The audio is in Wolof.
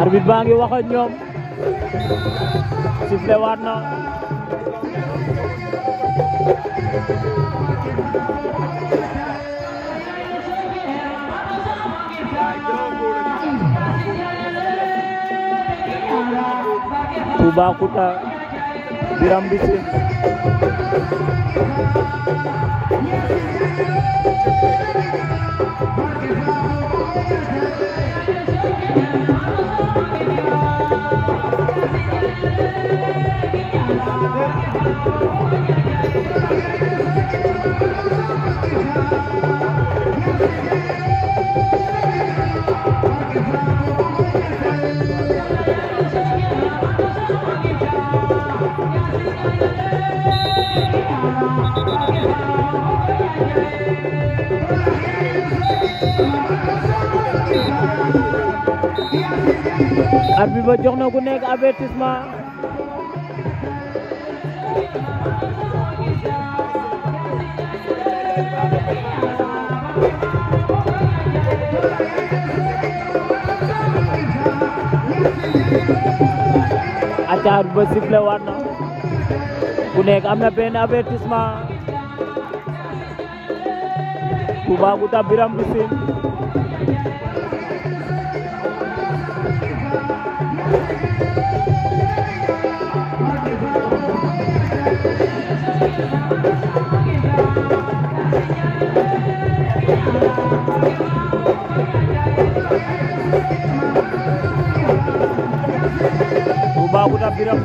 arbitre baa ngi wax ak ñoom sifflé waat na Toubacouta Birame Thank you. arbitre ba jox na ku nekk avertissement aca ba sifflé na ku nekk am na benn avertissement Toubacouta Birame Mbissine Toubacouta Birame